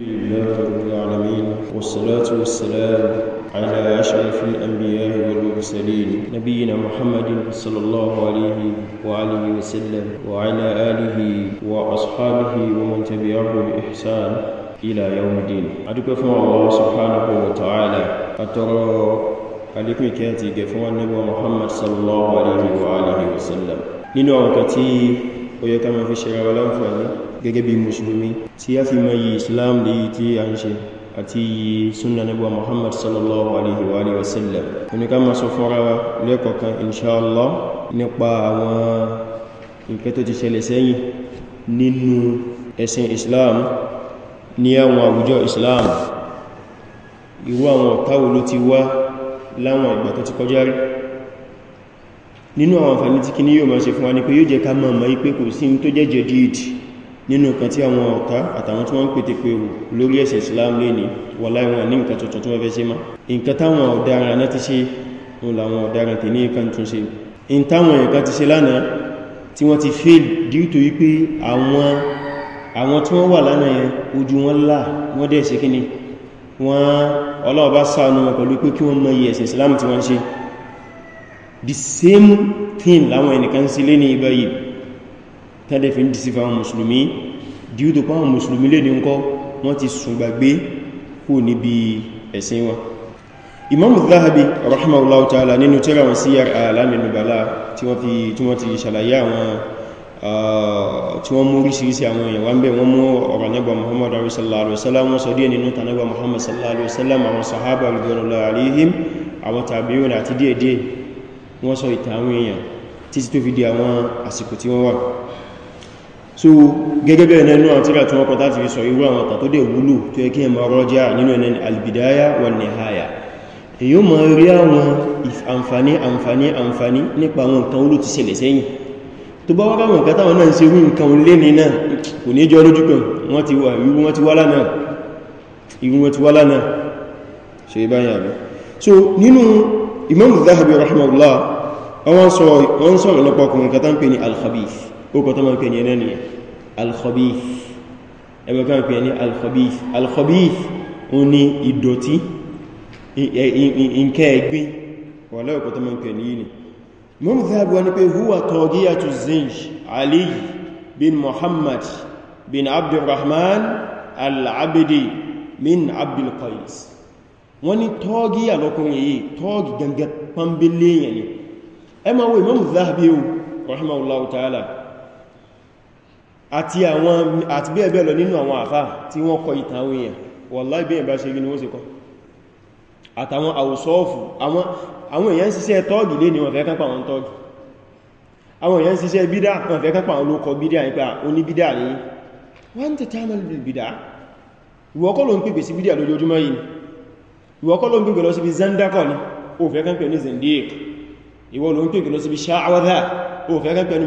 لله رب العالمين والصلاة والسلام على أشرف الأنبياء والمرسلين نبينا محمد صلى الله عليه وآله وسلم وعلى آله وأصحابه ومن تبعه بإحسان إلى يوم الدين أدوك فما الله سبحانه وتعالى أترى عليكم كاتي فما النبي محمد صلى الله عليه وآله وسلم نينو أنكتي ويكما في شرع والأنفاني gẹ́gẹ́ bí mùsùlùmí tí a fi mọ̀ yí islam da yí tí a ń ṣe àti yí súnà nabuwa muhammad sallallahu alaihi wa alihi wasallam ní ká máa sọ fúnra wa lẹ́kọ̀ọ̀kan inṣáàlá nípa àwọn nǹkan tó ti ṣẹlẹ̀ sẹ́yìn nínú ẹ̀sìn islam ní àwọn àwùjọ islam irú àwọn ọ̀táwò ló ti wá láwọn ìgbà tó ti kọjá rí nínú àwọn àǹfààní tí kí ní yóò máa ṣe fún wa ní pé yóò jẹ́ ká mọ̀ mọ̀ ipé kò sí tó jẹ́ jẹ́ díìdì nínú kan tí àwọn ọ̀tá àtàwọn tí wọ́n ń pètè pé lórí ẹ̀sẹ̀ Islam lè ní wà láìwọ̀n ní nǹkan tuntun tí wọ́n fẹ́ ṣe má nǹkan táwọn ọ̀daràn náà ti ṣe wọn làwọn ọ̀daràn tè ní nǹkan tún ṣe in táwọn nǹkan ti ṣe lánàá tí wọ́n ti fail due to wípé àwọn àwọn tí wọ́n wà lánàá yẹn ojú wọn là wọ́n dẹ̀ ṣe kíni wọ́n Ọlọ́run bá ṣàánú wọn pẹ̀lú pé kí wọ́n mọ iye ẹ̀sẹ̀ Islam tí wọ́n ṣe the same thing láwọn ẹnìkan sí lé ní ibẹ̀ yìí tẹ́lẹ̀ fi ń dìsí fáwọn mùsùlùmí díúdò pàwọn mùsùlùmí lè ní ǹkọ́ wọ́n ti sùn gbàgbé kú níbi ẹ̀sìn wọn imam zahabi rahimahullahu ta'ala nínú tírà wọn sí alamin ah, nubala tí wọ́n ti ṣàlàyé àwọn ah, tí wọ́n mú oríṣiríṣi àwọn èèyàn wá ń bẹ̀ wọ́n mú ọ̀rọ̀ nẹ́gbà muhammad sallallahu alaihi wasallam wọ́n sọ díẹ̀ nínú tanẹ́gbà muhammad sallallahu alaihi wasallam àwọn sahaba ridwanullahi alaihim àwọn tabi'un àti títí tó fi di àwọn àsìkò tí wọ́n wà so gẹ́gẹ́ bẹ̀rẹ̀ náà inú àwọn tíra tí wọ́n kọta ti fi sọ irú àwọn ọ̀tà tó dẹ̀ wúlò tó yẹ kí ẹmọ rọ́já nínú ẹ̀nà albidaya wà ní àyà èyí ó máa rí àwọn àǹfàní àǹfàní àǹfàní nípa àwọn nǹkan olú ti ṣẹlẹ̀ sẹ́yìn tó bá wákà wọn kátàwọn náà ṣe rú nǹkan lé ní náà kò ní jọ ó kọ́ tó máa ń pè ní ẹ̀nà ni al-khabith ẹgbẹ́ kan pè ní al-khabith al-khabith ó ní ìdọ̀tí nǹkẹ́ ẹgbẹ́ wà lẹ́ọ̀kọ́ tó máa ń pè ní yìí mọ́mù zahabi wani pé huwa tọ́gíyàtù zinj ali bin muhammad bin abdulrahman al-abidi min abdulqais wọ́n ni tọ́gíyà lọ́kùnrin yìí tọ́gì rahimahullahu ta'ala àti àwọn àti bí ẹ̀bẹ̀ lọ nínú àwọn àfá tí wọ́n kọ ìtàn àwọn èèyàn wallahi bí ẹ̀bá ṣe rí ní wọ́n sì kọ́ àtàwọn àwòsọ́ọ̀fù àwọn èèyàn ṣiṣẹ́ tọ́ọ̀gì lé ní wọ́n fẹ́ kápá àwọn tọ́ọ̀gì àwọn èèyàn ṣiṣẹ́ bídá wọ́n fẹ́ kápá àwọn olókọ bídá nípa oní bídá ní wọ́n tẹ̀ tààmà lè bídá ìwọ́kọ́ ló ń pèpè sí bídá lójoojúmọ́ yìí ìwọ́kọ́ ló ń ni pè zendik ìwọ́ ló ń pèpè lọ síbi sha'awadha ó fẹ́ kán pè ní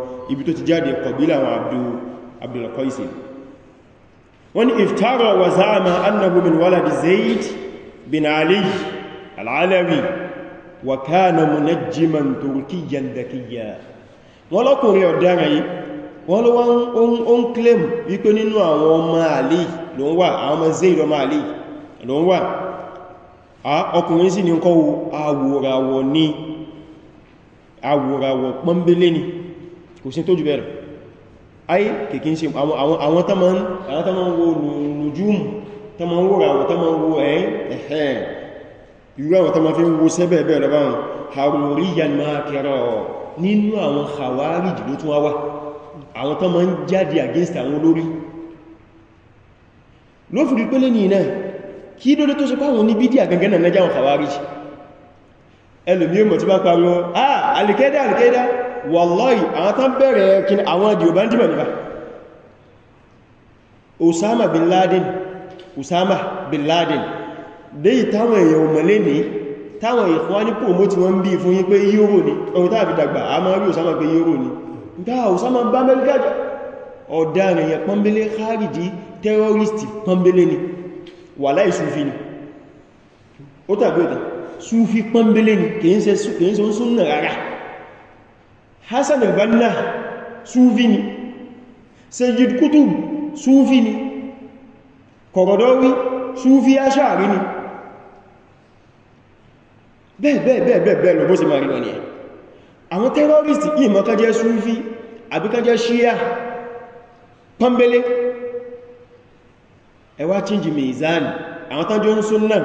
ibi tó ti jáde kọ̀bílà àwọn abdulkoisi wọ́n ni iftara wa zama annahu min waladi zaid bin ali al'alawi wa kana munajjiman turkiyan dakiya wọ́n lọ́kùnrin ọ̀dára yìí wọ́n ló wá ń claim wípé nínú àwọn ọmọ àlè ló wà àwọn ọmọ zaid ọmọ àlè ló wà ọkùnrin sì ní kọ́wọ́ awòràwọ̀ ní awòràwọ̀ pọ́nbélé ni kò sí tó jù bẹ̀rẹ̀ ayé kìkí ń ṣe àwọn tán ma ń wo nùjúmù tán ma ń wo ràwọ̀ tán ma ń wo ẹ̀yìn ẹ̀hẹ́n irú àwọn tán ma fi ń wo sẹ́bẹ̀ bẹ̀rẹ̀ báwọn haruriyan makira nínú àwọn khawarij ló tún wá àwọn tán ma ń jáde against àwọn olórí ló fi pẹ́lẹ́ ní iná kí lóde tó ṣe páwọn ní bídí àgangan náà náà jáwọn khawarij ẹlòmí ó mọ̀ tí bá parọ́ ah alikẹ́dá alikẹ́dá wallahi àwọn tán bẹ̀rẹ̀ kí àwọn dìọ̀bá dìmọ̀ nípa Osama bin Laden Osama bin Laden déyì táwọn èèyàn òmọ̀lé ní táwọn ìfún ní pòmó tí wọ́n ń bí fún yí pé yíòrò ní ohun tàà fi dàgbà a máa rí Osama pé yíòrò ní gbá Osama bá mẹ́ríkà jà ọ̀daràn yẹn pọ́nbélé kárìdí tẹ́rọrìstì pọ́nbélé ni wàláì Sufi ni ó tàbí ọ̀tà Sufi pọ́nbélé ni kìí ṣe súnnà rárá hassan al-banna sufi ni sayyid kutub sufi ni kọ̀rọ̀dọ́wí sufi aṣáàrí ni bẹ́ẹ̀bẹ́ẹ̀bẹ́ẹ̀ lọ bó ṣe máa rí wọn ni ẹ̀ àwọn terrorist yìí mọ́ ká jẹ́ sufi àbí ká jẹ́ shia pọ́mbélé ẹwà change mizan àwọn tánjọ́ ń sún náà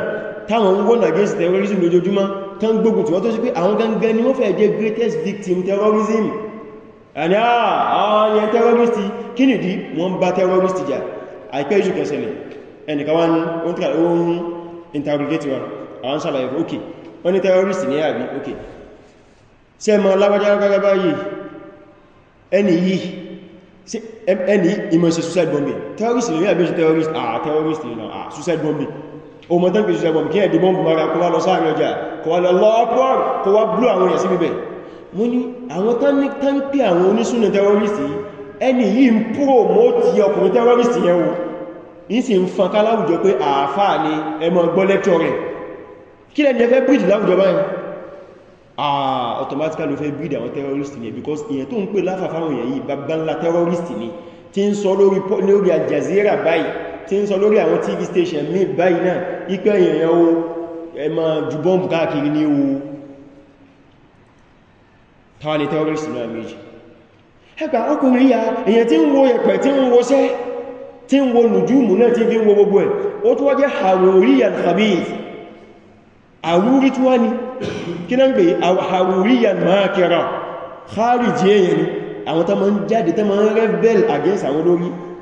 táwọn ń wọ́n against terrorism lójoojúmọ́ tán gbógun tí wọ́n tó sí pé àwọn gangan ni wọ́n fẹ́ jẹ́ greatest victim terrorism and ah, àwọn yẹn terrorist kí nìdí wọ́n bá terrorist jà àìpẹ́ ìṣù kẹsẹ̀lẹ̀ ẹnìkan wọ́n ń tàbí ohun interrogate wọn àwọn terrorist ní àbí ok ṣe mọ́ lábájá gẹ́gẹ́ báyìí ẹni yìí ẹni ìmọ̀ ṣe suicide bombing terrorist lè rí àbí ṣe terrorist ah terrorist lè náà ah suicide bombing ọmọ tán kìí ṣẹgbọ̀n kí ẹ̀dì bọ́m̀bù mara kó wá lọ sáàrin ọjà kó wá lọ lọ́pọ̀ọ̀rùn kó wá blú àwọn èèyàn síbíbẹ̀ mú ní àwọn tán pí àwọn onísúnà tẹ́rọrìsì ẹni yìí ń púròmótì ọkùnrin tẹ́rọrìsì yẹn wo yìí sì ń fanká ni ẹmọ gbọ́ lẹ́tọ̀ rẹ̀ kí ah automatically ló fẹ́ breed àwọn terrorist because ìyẹn tó ń pè láfàfáwọn èèyàn yìí bàbá ńlá terrorist ni tí ń sọ lórí Al tí ń sọ lórí àwọn tv station mi báyìí náà ipẹ́ èèyàn o ẹ ma ju bọ́m̀bù káàkiri ní o tàwà ní terrorist náà méjì ẹgbà ọkùnrin ya èèyàn tí ń wo ẹ̀pẹ̀ tí ń wo sẹ́ tí ń wo nùjúmù náà tí fi ń wo gbogbo ẹ̀ ó tó wájẹ́ haruriyan khabith àwúrí tí wá ní kí náà ń àwọn tó ma ń jáde tó ma ń rebel against àwọn olórí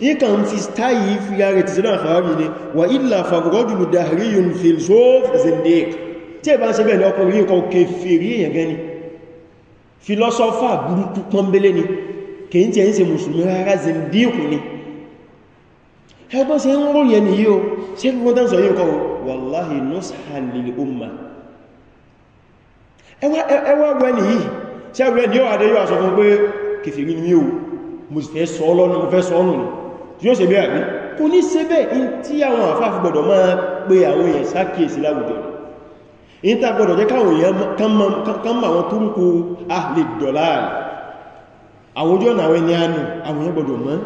ìkà ń fi stáyì fi yàrẹ̀ ti sílá àfàwárí ni wà ìlà fàbúrọ́dùlù dahriyun filosof zendik tí ẹ bá ń ṣe bẹ́ẹ̀ ní ọkọ̀ rí ọkọ̀ kèfèrí èyàn gẹ́ni filosofa burúkú pọ́nbélé ni kèyí tí ẹ ń ṣe mùsùlùmí rárá zendiku ni ẹgbọ́n ṣe ń ròyìn ni yíò ṣe gbogbo dánsọ yíò kọwọ́ wallahi nushan lil umma ẹwà ẹwà wẹ́ni yìí ṣẹ́gbẹ́ ni ó adé yóò àṣọ fún pé kèfèrí ni mí o mo sì fẹ́ sọ ọlọ́nà mo fẹ́ sọ ọ́nà ni tí yóò ṣe bẹ́ẹ̀ àbí kò ní ṣe bẹ́ẹ̀ in tí àwọn àfáàfi gbọ́dọ̀ máa pe àwọn èèyàn sákèèsí láwùjọ in tá gbọ́dọ̀ jẹ́ káwọn èèyàn kan mọ àwọn tó ń kó àlè dọ̀lá àwọn ojú ọ̀nà àwọn ẹni àánú àwọn èèyàn gbọ́dọ̀ mọ́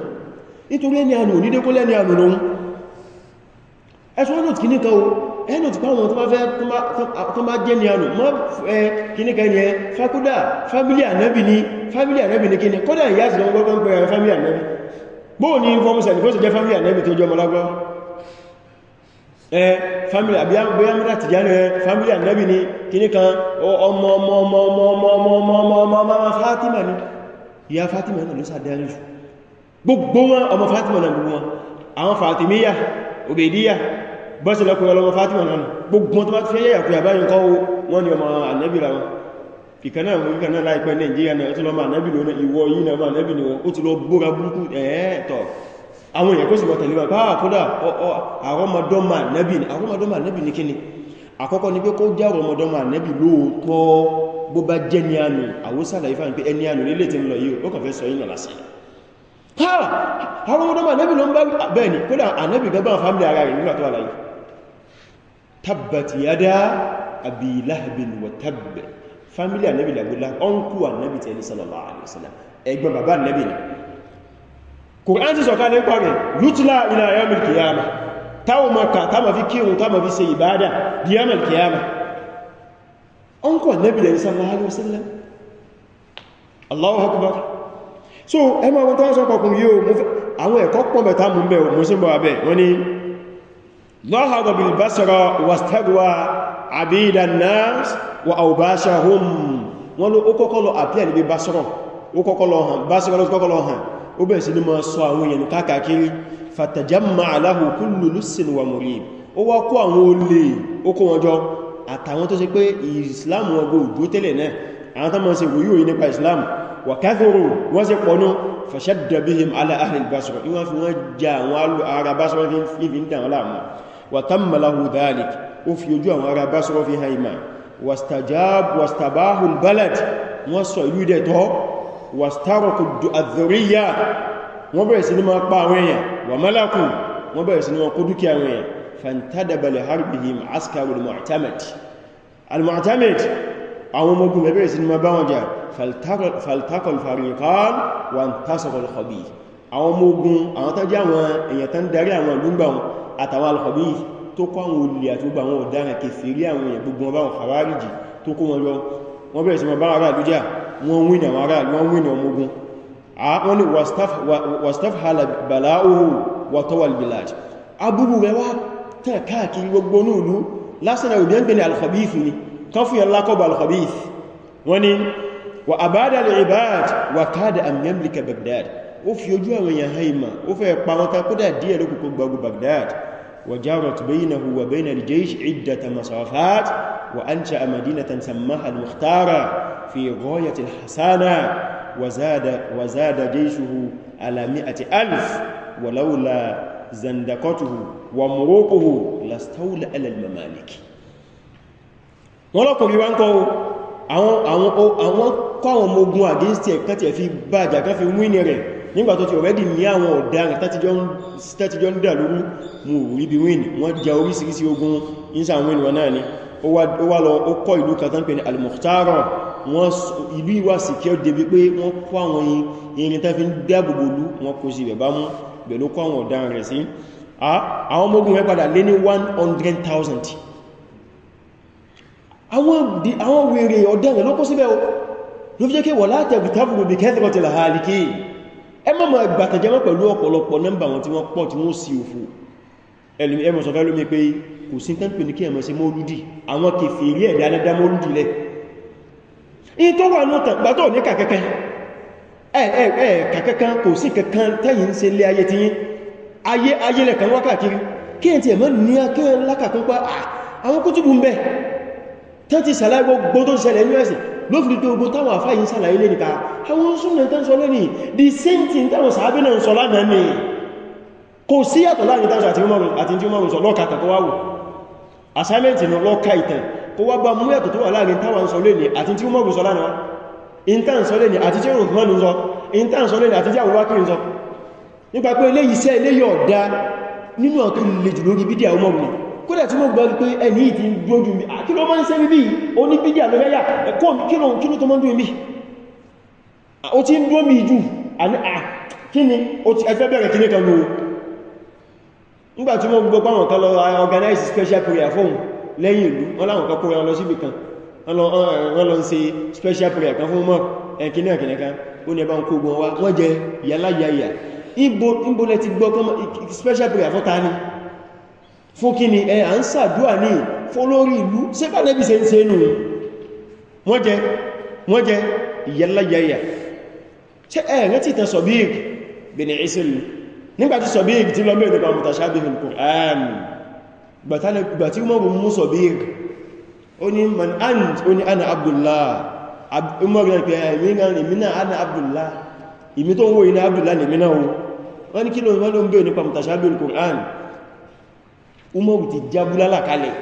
nítorí ẹni àánú onídékólẹ́ ẹni àánú lóhun ẹ̀sùn ọdún kìíní kan o ẹnu ti pàwọn tó bá fẹ́ tó má jẹ́ ní ànù mọ́ kíníkà ní ẹ fákúdà fámílì ànábì ní fámílì ànábì ní kíní kọ́dà ìyá sí ọmọ gbọ́gbọ́n pẹ̀rẹ̀ fámílì ànábì bóò ní fọ́mùsẹ̀ ní fọ́sẹ̀ jẹ́ fámílì ànábì tó jọ mọ́lágbá family àbí àmúdá ti jánu ẹ family ànábì ni kíní kan ọmọ ọmọ ọmọ ọmọ ọmọ ọmọ ọmọ ọmọ ọmọ ọmọ ọmọ Fatima ni ìyá Fatima náà ló sàdárí jù gbogbo wọn ọmọ Fatima náà gbogbo wọn àwọn Fatimiyya obediya bọ́sí lọ́kùnrin ọlọ́mọ Fatima náà gbogbo tó bá ti fẹ́ yẹ̀yà kúyà báyìí kọ́ wọ́n ni ọmọ ànábì ra wọn ìkànnà àwọn ìkànnà láìpẹ́ Nàìjíríà náà tó lọ́mọ ànábì lónà ìwọ yìí náà ànábì ni wọ́n ó ti lọ bóra burúkú ẹ̀ẹ́tọ̀ àwọn èèyàn kó sì mọ̀tẹ̀lé wọn káà kódà àrọmọdọ́mà nẹ́bì ni àrọmọdọ́mà nẹ́bì ní kíni àkọ́kọ́ ni pé kó jẹ́ àrọmọdọ́mà nẹ́bì lóòótọ́ bó bá jẹ́ ní ànù àwọ́sàlà ifá ní pé ẹni ànù nílé tí ń lọ yìí ó kàn fẹ́ sọ yìí lọ́lá tabbat yada abi lahabin wa tabbe family annabi labula onku annabi ta ni sallallahu alaihi wasallam ẹ̀gbọ́n bàbá annabi ni qur'an ti sọ ka le pa re yutla ila yawm al qiyamah tawo maka ta ma fi kirun ta ma fi ṣe ibada di yawm qiyamah onku annabi da sallallahu alaihi wasallam allahu akbar so e ma won ta sọ pa kun yo àwọn ẹ̀kọ́ pon be ta mu nbe o mo se mo abe wọ́n ní ظهر بالبصرة واستغوى عبيد الناس وأوباشهم wọ́n ló ó kọ́kọ́ lọ àpíà níbi basọ́rọ̀ ó kọ́kọ́ lọ hàn basọ́rọ̀ ló kọ́kọ́ lọ hàn ó bẹ̀rẹ̀ sí ní ma sọ àwọn èèyàn káàkiri fatajamma aláhù kullu lúsìn wà múrí ó wá kó àwọn olè ó kó wọn jọ àtàwọn tó ṣe pé islam wọn go òjò tẹ́lẹ̀ náà àwọn tó máa ṣe wòyíò yìí nípa islam wà kathiru wọ́n sì pọ̀nú fashadda bihim ala ahli basọ́rọ̀ ìwọ́n fi wọ́n ja àwọn ará basọ́rọ̀ fi ń dàn láàmú وتم له ذلك وفي وجوه على بصر في هيما واستجاب واستباه البلد وصيدته واسترق الذرية وبرس لما قاوية وملكوا وبرس لما قدك يوية فانتدب لحربهم عسكر المعتمد المعتمد أو مقوم برس لما بوجه فالتقى الفريقان وانتصر الخبيث أو مقوم أعطى جاوة أن يتندري عن المنبوم àtàwọn alùkọ̀bí tó kọ́ àwọn olè àti gbogbo àwọn ọ̀daràn kèfèrí àwọn èèyàn gbogbo wọn bá wọn kàwárìjì tó kó wọn lọ wọ́n bẹ̀rẹ̀ sí ma bá ara lójá wọ́n wín àwọn ará wọ́n wín ọmọ ogun wọ́n ni wastaf hala bala'uhu wa tawal bilaj abúrú rẹ̀ wá tẹ̀ káàkiri gbogbo nílùú lásìnà òdíẹ́gbẹ̀ ni alkhabith fi ojú àwọn èèyàn haima ó fẹ́ pa wọn ta kódà díẹ̀ lókùnkùn gbogbo baghdad وجرت بينه وبين الجيش عدة مسافات وأنشأ مدينة سماها المختارة في غاية الحسانة وزاد, وزاد جيشه على مئة ألف ولولا زندقته ومروقه لاستولى على الممالك wọ́n lọ́kùnrin wá ń kọ́ àwọn kọ́ àwọn ogun against ẹ̀kẹ́ tẹ̀ fi bá nígbà tó ti already ní àwọn ọ̀daràn tẹ́tijọ́ ń dà lórí mú rí bí wíìn wọ́n já orísìírísìí ogun insa wíìn wọn náà ni ó wá lọ ó kọ́ ìlú kàtán pẹ̀lú al-Mukhtara wọ́n ìlú ìwà secure débi pé wọ́n kó àwọn irin tẹ́ fi ń dáàbòbòlú wọ́n kó sí bẹ̀bá mú bẹ̀lú kó àwọn ọ̀daràn rẹ̀ sí àwọn ọmọ ogun rẹ̀ padà lé ní 100,000 àwọn wèrè ọ̀daràn ló kó síbẹ̀ ló fi jẹ́ kí wọ́n látẹ̀gùtàbùrù bí kẹ́tẹ̀kọ́ ti làhálìkì ẹ mọ́ mọ́ ìgbàtàjẹ́ mọ́ pẹ̀lú ọ̀pọ̀lọpọ̀ nọ́mbà wọn tí wọ́n pọ̀ tí wọ́n sí òfò ẹmọ̀ sọ̀fẹ́ lómi pé kò sí tán pè ní kí ẹmọ̀ sí mọ́lúdì àwọn kèfè rí ẹ̀dá dá mọ́lúdì lẹ̀ in tó wà ní ọ̀tàn gbàtọ̀ ní kàkẹ́kẹ́ ẹ̀ẹ̀ kàkẹ́kẹ́ kò sí kankan tẹ́yìn ń ṣe lé ayé tí yín ayé ayé lẹ̀ kan wákàkiri kí ẹ̀ tí ẹ̀mọ́ ní akẹ́ lákàkún pa àwọn kútùbù ń bẹ̀ tán ti sàlá gbogbo tó ṣẹlẹ̀ ní ẹ̀sìn ló fi tó ogun táwà fáyí sàlàyé lè nìta àwọn súnmọ̀ tán sọ lónìí the same thing táwọn sàábé náà sọ lánàá ni kò sí yàtọ̀ láàrin tánṣọ àti tí ó márùn sọ lọ́ka tàkọ́ wáwò assignment ní lọ́ka ìtàn kó wá bá mú yàtọ̀ tó wà láàrin táwọn sọ lónìí àti tí ó márùn sọ lánàá intan sọ lónìí àti tí ó márùn sọ intan sọ lónìí àti tí àwọn wákìrin sọ nípa pé eléyìí iṣẹ́ eléyìí ọ̀dá nínú ọ̀tún lè jù lórí bídíà ó márùn kódà tí mo gbọ́ pé ẹni yìí ti ń dójú mi kí ló máa ń sẹ́bí bí o ní bídí àlọ́yáyà ẹ̀kọ́ kí ló kí ló tó máa ń dó mi o ti ń dó mi jù kí ni ẹgbẹ́ bẹ̀rẹ̀ kí ní kan lóòrò nígbà tí mo gbọ́ páwọn kan lọ organize special prayer fún lẹ́yìn ìlú wọ́n láwọn kan kóra lọ síbì kan wọ́n lọ ń ṣe special prayer kan fún mọ́ ẹ̀kíní ẹ̀kíní kan ó ní ẹbá ń kó gbọ́n wá wọ́n jẹ yàláyàyà ìbò lẹ ti gbọ́ special prayer fún ta ni fún kí ni ẹ à ń sàdúà ní fólórí ìlú sẹ́bà nẹ́bí se ń se nù wọ́n jẹ wọ́n jẹ ìyẹ́láyẹyà ṣe ẹ̀rẹ́ ti tẹ sọ̀bíg bèèrè ìsìnlú nígbàtí sọ̀bíg ti lọ mẹ́rin pàmùtà sábìhìn Qur'an gbàtí umaru mú sọ̀bíg ó ní man ana Abdullah umaru na pẹ̀ Abdullah ìmì tó ń wó iná Abdullah nìmìnà ni kí ló Qur'an umaru ti jábúlálà kalẹ̀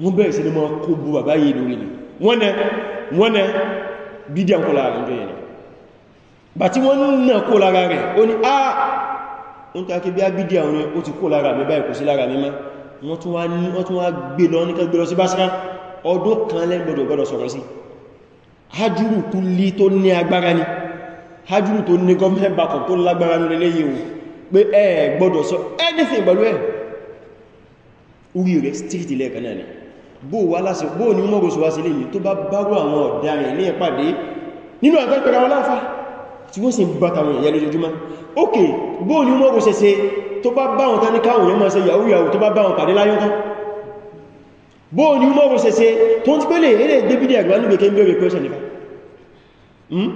wọ́n bẹ̀rẹ̀ sí ni ma kó bú bàbá yìí lórí ni wọ́n wọ́n bídí àkó lára rẹ̀ jọyẹ̀ bà tí wọ́n nà kó lára rẹ̀ ó ní a ń takí bí a bídí àwọn ó ti kó lára mi báyìí kò sí lára mi mọ́ wọ́n tún wá gbé lọ ní kẹgbẹ́ lọ sí Basra ọdún kan lẹ́gbọ̀dọ̀ gbọ́dọ̀ sọ̀rọ̀ sí hajjúrù tó lé tó ní agbára sọ anything pẹ̀lú orí rẹ̀ stíkìtì lẹ́ẹ̀kan náà ni bó wá láti bó ní mọ́ rọ̀sọ̀wá sí lè ní tó bá bárò àwọn ọ̀daràn ní ìpàdé nínú àgbẹ́gbẹ̀rẹ̀ àwọn láàfá tí wọ́n sì ń bàtà wọn ìyá lójoojúmọ́ ok bó ní mọ́ rọ̀sẹ̀sẹ̀ tó bá bá wọn tán ní káwọn yẹn máa ṣe yàwó yàwó tó bá bá wọn pàdé láyọ́ tán bó ní mọ́ rọ̀sẹ̀sẹ̀ tó ti pẹ́lẹ̀ eré débìdì àgbà níbi kí n bẹ̀rẹ̀ pẹ́sẹ̀ nípa hmm?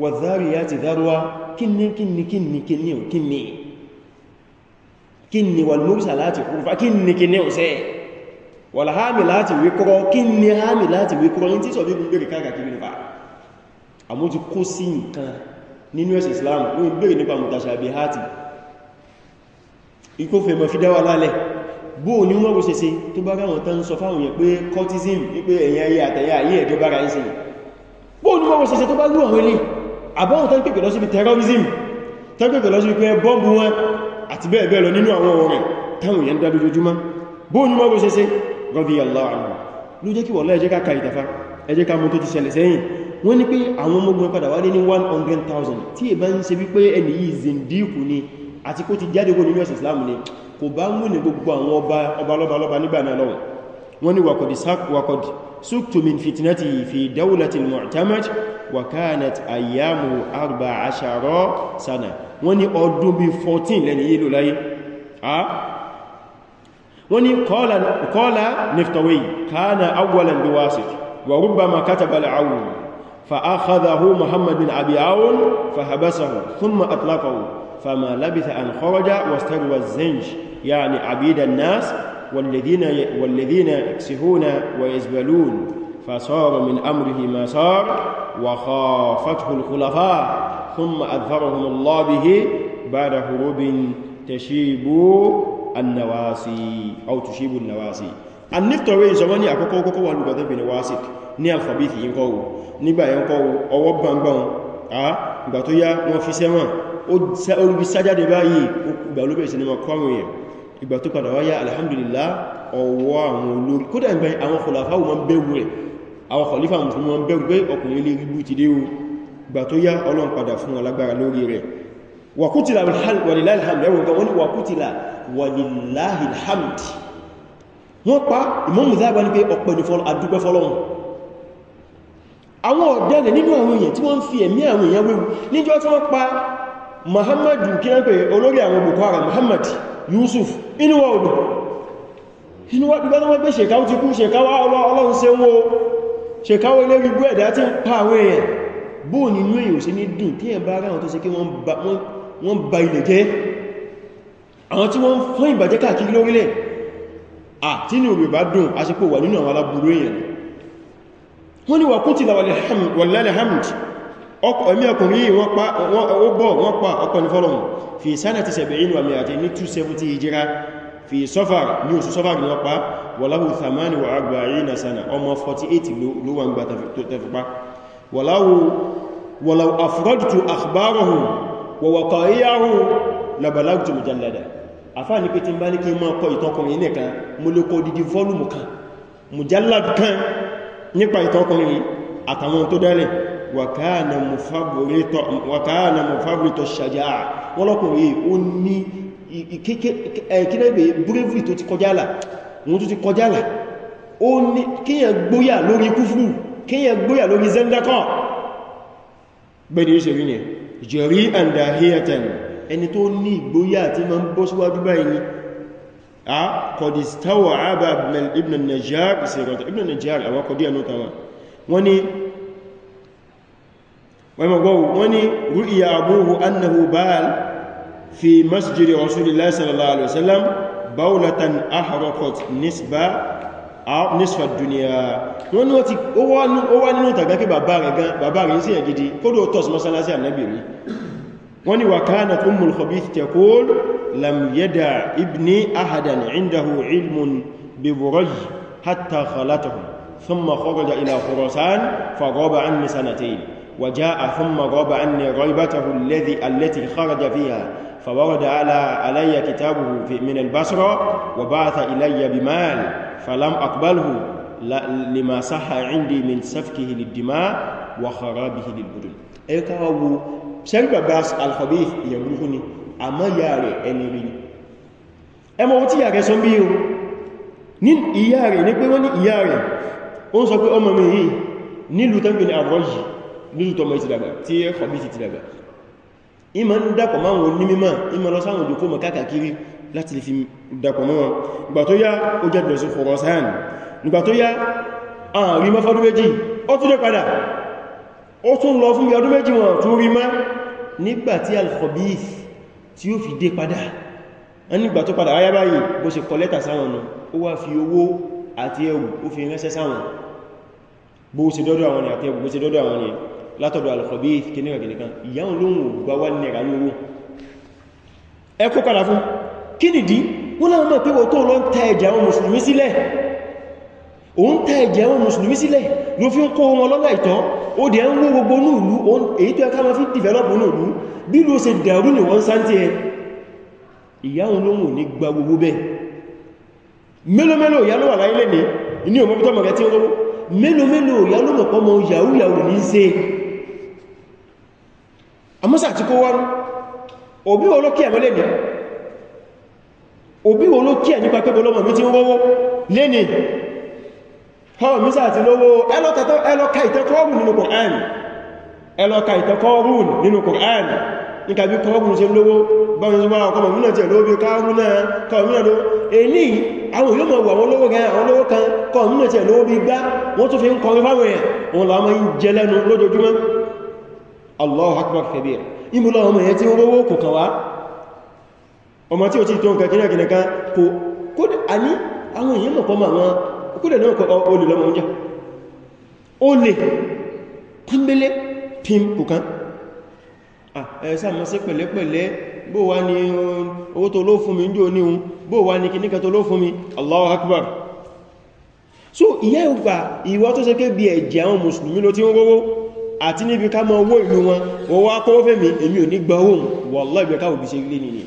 wà záàrí yá ti dárúwá kí ní kí ní kí ní kí ní kí ni wà lórísà láti kúrúfà kí ni kí ní ọ̀sẹ́ wà láàmì láti wé kọ́rọ́ kí ni àmì láti wé kọ́rọ́ ní tí sọ̀bí gún bèèrè káàkiri nípa àmú ti kó sí nǹkan nínú ẹ̀sìn Islam ní bèèrè nípa mutashabihati ikó fẹ́ mọ̀ fi dáwà lálẹ̀ bó ní wọ́n rúṣe sí tó bá ráwọn tán sọ fáwọn yẹn pé cultism wípé ẹ̀yìn ayé àtẹ̀yà ayé ẹ̀jọ́ bára ń sìn bó ní wọ́n rúṣe sí tó bá lú àwọn ilé àbáwọn tán pèpè lọ síbi terrorism tán pèpè lọ síbi pé bọ́m̀bù wọn àti bẹ́ẹ̀ bẹ́ẹ̀ lọ nínú àwọn ọ̀rìn táwọn èèyàn dábí lójúmọ́ bóò ní mọ́gbé ṣeṣe rọ́bí allah ló jẹ́ kí wọ́n lẹ́ẹ̀jẹ́ ká kàrí tafá ẹjẹ́ ká mú tó ti ṣẹlẹ̀ sẹ́yìn wọ́n ní pé àwọn ọmọgbọ́n padà wálé ní 100,000 tí ìbá ń ṣe wípé ẹni yìí zindiku ni àti kó ti سكت من فتنته في دولة المعتمد وكانت أيامه أربع عشر سنة وني أدو بفوتين لن يلو لي ها واني قال, قال نفتوي كان أولا بواسط وربما كتب العون فأخذه محمد بن أبي عون فهبسه ثم أطلقه فما لبث أن خرج واستروى الزنج يعني عبيد الناس والذين والذين يكسهون ويزبلون فصار من أمره ما صار وخافته الخلفاء ثم أذفرهم الله به بعد هروب تشيب النواسي أو تشيب النواسي النفتوي زماني أكوكو كوكو والبغضب نواسك ní alfabeti yìí kọ́wọ́ nígbà yẹn kọ́wọ́ ọwọ́ gbangban àá ìgbà tó yá wọ́n fi sẹ́wọ̀n ó bí sájáde báyìí ìgbà olóbẹ̀ẹ́sẹ̀ ni wọ́n yẹn ìgbà tó padà wáyá alhamdulillah ọwọ́ àwọn olórí kódà ìgbà àwọn kọlàfà wọn bẹ̀rù rẹ̀ àwọn kọlífà mùsùlùmí wọn bẹ̀rù pé ọkùnrin lè rí bú ti dé o ìgbà tó yá ọlọ́n padà fún wọn lágbára lórí rẹ̀ wàkútìlà wàlìláhì alhamd wọ́n pa ìmọ́mù záàbá ní pé ọ̀pẹ̀ ní adúgbẹ́ fọ́lọ́run àwọn ọ̀dẹ́lẹ̀ nínú àwọn èèyàn tí wọ́n fi ẹ̀mí àwọn èèyàn wéwu níjọ́ tí wọ́n pa Muhammadu kí wọ́n pè olórí àwọn Boko Haram Muhammadu Yusuf inú wa òdù inú wa dùgbọ́n wọ́n gbé ṣèkáwó ti kú ṣèkáwó ọlọ́run ṣe ń wo ṣèkáwó ilé gbígbó ẹ̀dá tí ń pàwẹ́ ẹ̀ bóò nínú èyàn sí ní dùn tí ẹ̀ bá ráhùn tó ṣe kí wọ́n ba ilẹ̀ jẹ́ àwọn tí wọ́n fún ìbàjẹ́ káàkiri lórílẹ̀ àti ní òbí bá dùn a ṣe pò wà nínú àwọn aláburú èyàn wọ́n ni wà kútìlà wàlẹ̀ hamd ọkọ̀ ẹ̀mí ọkùnrin wọ́n pa ó bọ̀ wọ́n pa ọkọ̀ ní fọ́lọ̀mù fi sanati sẹ̀bẹ̀rin wà mẹ́àtẹ̀ ní 270 ìjírá fi sọ́fàr ní oṣù sọ́fàr ní ọpa wọ́láwù thamani wà agbàrí na 48 ló wà ń gba tẹfipá wọ́láwù afrọ́dùtù àkbárọ̀hùn wọ̀wọ̀kọ̀ríyàhùn labalagtu mujallada afá ní pé tí ń bá ní kí n máa kọ ìtọkùnrin nìkan mo lè kọ dídí fọ́lùmù kan mujallad kan àtàwọn tó dálẹ̀ wàkánà mọ̀fábúrítọ̀ ṣàjáà wọ́n lọ́kùnrin ó ní kílẹ̀gbẹ̀ bravery tó ti kọjálà wọ́n tó ti kọjálà ó ní kíyàn gbóyà lórí kúfúrú kíyàn gbóyà lórí zendakọ́ gbẹ̀dẹ̀ ṣe rí ní jẹ̀rí àndà hiyatan ẹni tó ní ìgbóyà tí ma ń bọ́ síwájú báyìí a kọ̀dìstáwà àbá ibn najjar ìsẹ̀rọ̀ta ibn najjar àwọn kọ̀dí ànútawa wọ́n ni wọ́n ni ru'iya abuhu annahu ba'al fi masjidi rasulillah sallallahu alaihi wasallam baulatan ahraqat nisba nisfa duniya wọ́n ni ó wá nínú tàgbákí bàbá rẹ̀ sí ẹ̀gidi kódò tọ́s masalasi annabi rí wọ́n ni wakanat ummul khabith lam yada ibni ahadan indahu ilmun bi hatta khalatahu thumma kharaja ila khurasan faghaba anni sanatayn وجاء ثم غاب عني غيبته الذي التي خرج فيها فورد على علي كتابه في من البصرة وبعث إلي بمال فلم أقبله لما صح عندي من سفكه للدماء وخرابه للبدن ايكاو سنبا باس الخبيث يمرغني اما ياري انيري اما وتي ياري سنبيو نين iyare ni pe won ni iyare on so lójú tọmọ ti dàgbà tí ẹ̀kọ̀bí ti dàgbà ìmọ̀ ń dàpọ̀ máa wọn ní mímọ̀ ìmọ̀ lọ sáwọn òjò kó mọ̀ káàkiri láti lè fi dàpọ̀ mọ́ wọn ìgbà tó yá ó jẹ́ bẹ̀rẹ̀ sí Khurasan ìgbà tó yá ààrí al-Khabith tí ó fi dé padà nígbà tó padà ayá báyìí bó ṣe kọ lẹ́tà sáwọn nù ó wá fi owó àti ẹwù ó dọ́dọ̀ àwọn ni àti bó ṣe dọ́dọ̀ àwọn ni látọ̀dọ̀ al-khabith kìníkà kìníkà ìyáhùn lóhun ògbà wà nìra lówó ẹkọ́ padà fún kí nìdí wọ́n láwọn mọ̀ pé wọ́n tó lọ ń ta ẹ̀jẹ̀ àwọn mùsùlùmí sílẹ̀ òun ta ẹ̀jẹ̀ àwọn mùsùlùmí sílẹ̀ ló fi ń kó wọn lọ́nà ìtọ́ ó dẹ̀ ń wó gbogbo nùlú èyí tó ẹka máa fi develop nùlú bí ló ṣe dàrú ní wọ́n sáńtì ẹ ìyáhùn lóhun ní gba gbogbo bẹ́ẹ̀ mélòó ìyá ló wà láyé lẹ́ni ní òmọ́bítọ́mọ̀ rẹ̀ tí ó lówó mélòó ìyá ló mọ̀ pọ́mọ yahoo ní í ṣe àmúsà tí kó wọ́n òbí olókí ẹ̀mọ́ lè ní òbí olókí ẹ̀ nípa pẹ́bọ̀ lọ́mọ̀ mi ti ń wọ́wọ́ lè ní ọmọ mísà àti lówó ẹlọ́ka ìtẹ́kọ́ọ̀rùn nínú Kùránì ẹlọ́ka ìtẹ́kọ́ọ̀rùn nínú Kùránì níka bí kọ́ọ̀rùn ṣe lówó báwọn ìṣẹ́ wọ́n ọkọ̀mọ̀ mínà jẹ́ lóbi káàmùnà kọ̀ọ̀mínà ló èlì àwọn yóò mọ̀ wà wọn lówó gan àwọn lówó kan kọ̀ọ̀mínà jẹ́ lóbi Allahu akbar kabir ìmúlọ ọmọ yẹn tí ó rówó kò kàn wá ọmọ tí ó ti tó nǹkan kí ní ọ̀gẹ̀nẹ̀ kan kò kódẹ̀ a ní àwọn èèyàn mọ̀kọ́ ma wọn kódẹ̀ náà kọ olè lọ́mọ oúnjẹ ó lè pínbélé pín kò kán ẹ̀ẹ́sà so ìyẹ́ ìgbà ìwọ́ tó sẹ́kẹ́ bí ẹ̀jẹ̀ àwọn mùsùlùmí ló ti ń rówó àti níbi ká mọ owó ìlú wọn wọ́n wá kó fẹ́mi èmi ò ní gba owó wọ́lọ́ ìgbẹ̀ káwò bí ṣe rí nìyí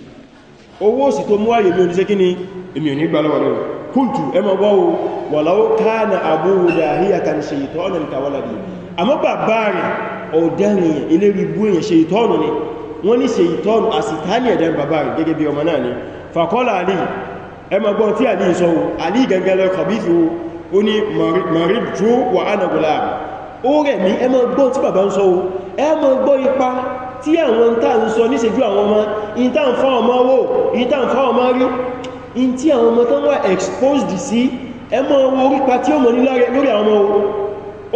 owó sì tó mú àyè mi ò ní kí ni èmi ò ní gba lọ́wọ́ lọ́wọ́ kúntù ẹmọ bọ́wọ́ wọ̀láwó káàna àbúrò dáhíyàtàn ṣe ìtọ́ ọ̀nà ní kàwọ́lọ́dì ni wọ́n ní ṣe ìtọ́nù àsìtáni ẹ̀dẹ́ ni fàkọ́lá alì ẹmọgbọ́n tí alì sọ alì ó rẹ̀ mí ẹ máa gbọ́ tí bàbá ń sọ o ẹ máa gbọ́ ipa tí àwọn tá ń sọ níṣẹ́jú àwọn ọmọ in tá ń fá ọmọ wò in tá ń fá ọmọ rí in tí àwọn ọmọ tán wà exposed sí ẹ máa wo orípa tí ó mọ̀ ní lórí àwọn ọmọ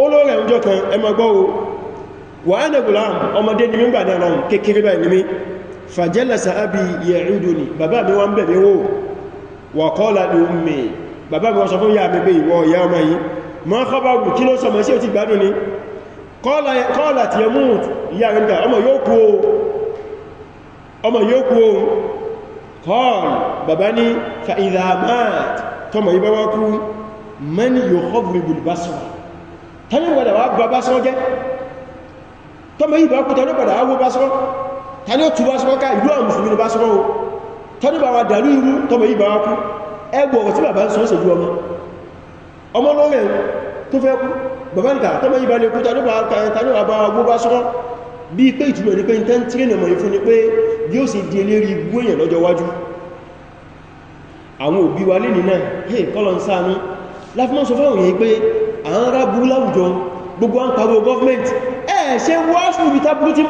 o ó lóòrẹ̀ ọjọ́ kan ẹ máa gbọ́ o wà á nẹ̀gùlá ọmọdé ni mígbà náà lọ́rùn kékeré báyìí mi fàjẹ́lẹ̀sà ábí yẹ̀rìndòní bàbá mi wọ́n bẹ̀ mi wò wà kọ́ọ̀lá ni ó mẹ́ bàbá mi wọ́n sọ fún yà mi pé ìwọ ìyá ọmọ ma khabaru kí ló sọmọ sí ò ti gbádùn ní kọ́ọ̀lá ti yamut ìyá rẹ̀ nígbà ọmọ yóò kú ohun kọ́ọ̀l bàbá ní fa idha mat tọmọ ibá wá kú man yukhribul basara tani wọ́dà wá bá basara jẹ́ tọmọ ibá kú tani padà wá basara tani ó tú basara ká ìlú àwọn musulmi basara o tani bá wa dàrú irú tọmọ ibá wá kú ẹgbọ̀ ọ̀tí bàbá ń sọ́ọ́sẹ̀ ju ọmọ ọmọ lọ́rẹ̀ tó fẹ́ kú bàbá nìta tọ́mọ yìí bá lè kú tàbí àbá agbó bá sọ́rọ̀ bí pé ìtumọ̀ ní pé ní tán tírínà mọ̀ ìfún ni pé yóò sì di eléri igbó èèyàn lọ́jọ́ wájú àwọn òbí wa lè government ẹ̀ ṣe wáṣù ibi tábúrú ti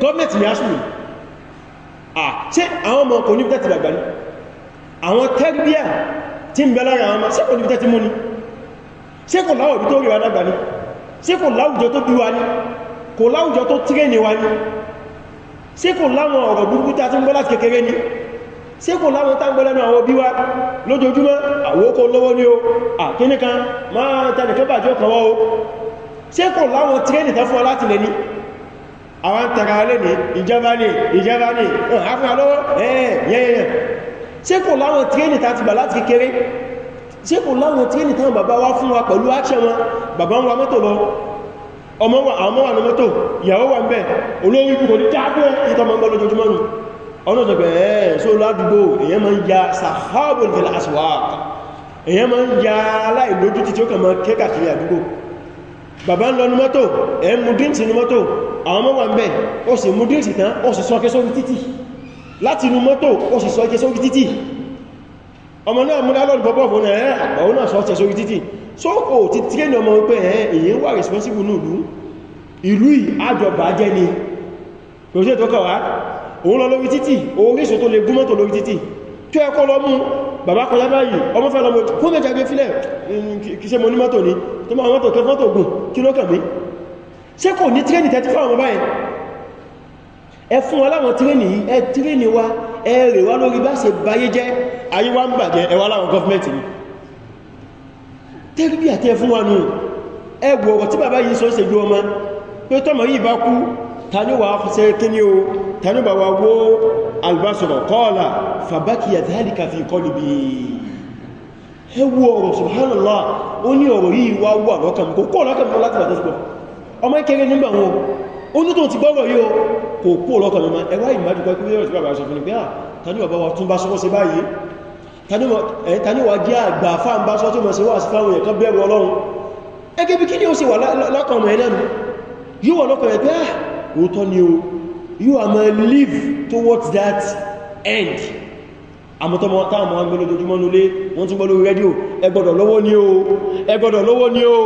government ni aṣù ah ṣe àwọn ọmọ kò ní àwọn tẹ́gbíà tí ń bẹ lára àwọn sẹ́kọ̀ níbi tẹ́tí mú ní sẹ́kọ̀ láwùjọ tó rí wa dàgbà ní sẹ́kọ̀ láwùjọ tó bí wa ní kò láwùjọ tó tírẹ̀nì wa ní sẹ́kọ̀ láwọn ọ̀rọ̀ burúkú tá ti ń gbọ́ láti kékeré ní sẹ́kọ̀ láwọn tá ń gbọ́ lẹ́nu àwọn òbí wa lójoojúmọ́ o àkíní kan máa ta nìkan bàjẹ́ ọkàn wọ́ o sẹ́kọ̀ láwọn tírẹ̀nì tán fún wa láti lẹ́ ní àwọn tàrà alẹ́ ní ìjọba ní ṣé kò láwọn tírénì tá ti gbà láti kékeré ṣé kò láwọn tírénì táwọn bàbá wá fún wa pẹ̀lú àṣẹ wọn bàbá ń wa mọ́tò lọ ọmọ wa àwọn wà ní mọ́tò ìyàwó wà ń bẹ̀ olórí kò ní dágbé ìtọmọ ọmọ lójoojúmọ́ nù ọ̀nà ìjọba ẹ̀ só ládùúgbò èyàn máa ń ya sahabul fil aswaq èyàn máa ń ya aláìlójútì tí ó kàn máa kékàkiri àdúgbò bàbá ń lọ ní mọ́tò ẹ̀ mú díǹsì ní mọ́tò àwọn ọmọ wà ń bẹ̀ ó sì mú díǹsì tán ó sì sọ́kẹ́ sórí títì láti inú mọ́tò ó sì sọ ike sórí títì ọmọ náà múlá lọ́dún bọ́bọ̀ fún ẹ̀ẹ́ àgbàwó náà sọ ọ́tẹ̀ sórí títì so o ti tírẹ́nì ọmọ wípé ẹ̀ èyí wà responsible ní ìlú ìlú àjọba jẹ́ ni kò sí ètò kọwàá òun lọ lórí títì orísun tó lè gún mọ́tò lórí títì tó ẹkọ́ lọ mú bàbá kọjá báyìí ọmọ fẹ́ lọmọ kó mẹ́jà gbé fílẹ̀ kì í ṣe mo ní mọ́tò ní tó máa mọ́tò kẹfọ́tò gùn kí ló kàn mí ṣé kò ní tírẹ́nì tẹ́tí fáwọn ọmọ báyìí ẹ fún wa láwọn tírénì yìí ẹ tírénì wa ẹ rè wá lórí bá ṣe báyé jẹ́ ayé wá ń bàjẹ́ ẹwà láwọn gọọmenti ni tẹ́rí bí àti ẹ fún wa nù ẹ gbọ̀rọ̀ tí bàbá yìí sọ ṣe gbọ́ ọmọ pé tọ́mọ̀ yìí bá kú tani wà fẹ́ kíní o tani bà wà wó albásọ̀rọ̀ kọ́ọ̀lá fàbákìyà dhalika fi qalbi ẹwú ọ̀rọ̀ subhanallah ó ní ọ̀rọ̀ yìí wá wà lọ́kàn kò kọ́ lọ́kàn mọ́ láti bàtẹ́sùgbọ́ ọmọ kéré oní tó ti gbọ́gbọ̀ yíò kò kó lọ́kàn mímọ̀ ẹwà ìmájúkọ́ ikú lẹ́rọ̀ tí bàbá fún ní pé à ah, tàní bàbá wa tún bá sọ́kọ́ sí báyìí tàní wà jẹ́ àgbà fáà bá sọ́ ah, mọ̀ live towards that end àmọ́tọ́mọ́ táàmù wọn gbẹ́lẹ̀ ojúmọ́ nulé wọ́n tún gbọ́lú rédíò ẹ gbọ́dọ̀ ní o ẹ gbọ́dọ̀ ní o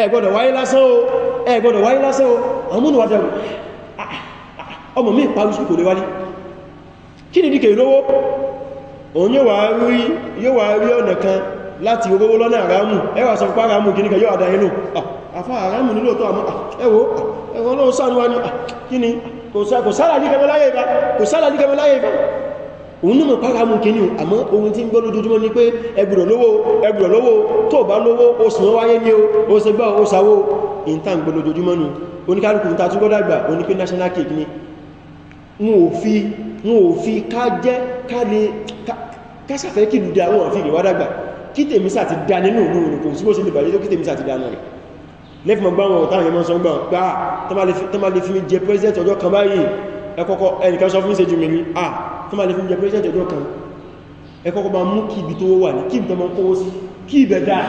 ẹ wáyé lásán o àwọn múnú wájá ọmọ mi parí sí kò lè wálé kí ni díkẹ̀ ìlówó òun yóò wá rí ọ̀nà kan láti owó lọ́nà àrámù ẹwà sọ pá àrámù kí ní kẹ yóò àdá inú ah, àfá àrámù nílò òun náà mọ̀ pàrà mú kìíní àmọ́ ohun tí ń gbọ́ lójoojúmọ́ ní pé ẹgbùrọ̀ lówó ẹgbùrọ̀ lówó tó bá lówó oṣùn wáyé ní o ṣẹgbà o sàwó ìntà ń gbọ́ lójoojúmọ́ nù oníkálùkù ta tún gbọ́dàgbà oní pé national cake ni wọn ò fi ká jẹ́ kásàfẹ́ kí lùdí àwọn àfi ìwádàgbà kí tèmísà ti dá nínú òun òun kò síbò sí lè bàjẹ́ tó kí tèmísà ti dá náà lẹ́fìmọ̀ gbáwọn ọ̀tá àwọn ẹmọ́ sọ gbà pé à ah, tọ́mà lè fi mi jẹ president ọjọ́ kan báyìí ẹkọ́kọ́ ẹnìkan sọ fún ìṣẹ́jú mi ní à ah, tó máa lè fún jẹ president ọjọ́ kan ẹkọ́kọ́ bá mú kí ibi tó wà ní kí ibi tó máa kówó sí kí ibẹ̀ dáa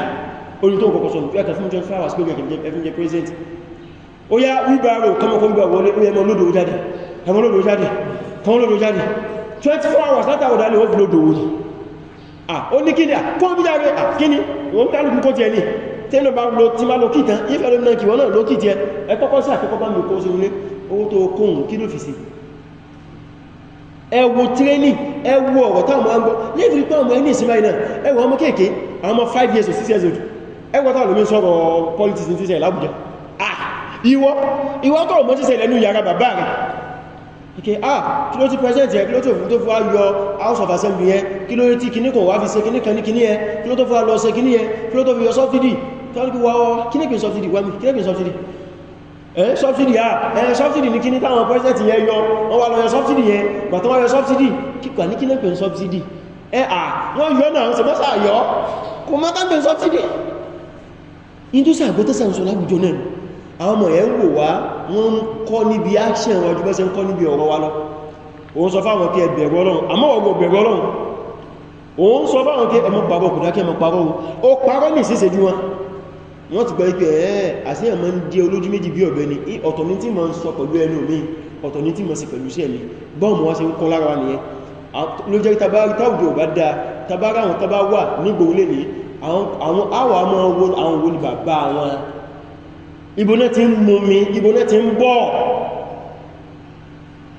orí tó kọ̀kọ́ sọ nípa fún john flowers lórí ẹ̀fún jẹ president ó yá wíbárò kọmọkọ́ gbà wọlé ó yẹ mọ́ lódò jáde ẹmọ́ lódò jáde kan lódò jáde 24 hours látàwọ̀dá ni wọ́n fi lódò wòlì ó ní kíni kọ́mpútà rẹ̀ kíni wọ́n kálùkù kó jẹ ní tẹ́lọ bá lọ tí má lọ kí tán ìfẹ́ lónà kí wọ́n náà lókì jẹ ẹkọ́kọ́ sí àkẹ́kọ́ bá mi kó sí ilé owó ẹwọ tírénì ẹwọ ọ̀rọ̀ táwọn àgbọ́ lẹ́fìrí pé ọmọ ẹni ìsinmi náà ẹwọ ọmọ kéèké àwọn ọmọ 5 years or 6 years old ẹwọ táwọn lómi sọ́rọ̀ politics ní tíṣẹ̀ lábùjá ah ìwọ ìwọ tọ́rọ̀ mọ́ tíṣẹ̀ lẹ́nu yàrá bàbá rẹ̀ ike ah kí ló ti president yẹ kí ló tó fún tó fún ayọ house of assembly yẹn kí ló tí kíní kan wá fi ṣe kíní kan ní kíní yẹn kí ló tó fún alọ ṣe kíní yẹn kí ló tó fi yọ subsidy tọ́lú pé wọ́n kíní pín subsidy wọ́n mi kíní pín subsidy ẹ̀ sọ́fìdì à ẹ̀ sọ́fìdì ní kíní táwọn pẹ́sẹ̀tì yẹn yọ wọ́n wà lọ yọ sọ́fìdì yẹn gbàtọ́ wọ́n yọ sọ́fìdì kíkà ní kílẹ̀ pẹ̀ sọ́fìdì ẹ̀ à wọ́n yọ náà ṣe mọ́sà yọ kò má tá pẹ̀ sọ́fìdì indúsà àgbótẹ́sà ń sọ láwùjọ náà àwọn ọmọ ẹ̀ ń wò wá wọ́n ń kọ́ níbi action wọ́n ju bẹ́sẹ̀ ń kọ́ níbi ọ̀rọ̀ wa lọ òun sọ fáwọn kí ẹbẹ̀rọ ọlọ́run àmọ́ wọ́n ti gbọ́ ipẹ̀ ẹ́ àṣíyàn ma ń jẹ́ olójú méjì bí ọ̀bẹ ni ọ̀tọ̀ ní tí ma ń sọ pẹ̀lú ẹnu mi ọ̀tọ̀ ní tí ma sì pẹ̀lú iṣẹ́ mi bọ́ọ̀mù wá ṣe ń kọ́ lára wa nìyẹn ló jẹ́ táwùjọ bá dáa tabára àwọn tabá wà nígbò olè ní àwọn àwà máa wo àwọn wo ni bàbá wọn ibo náà ti ń mú mi ibo náà ti ń bọ̀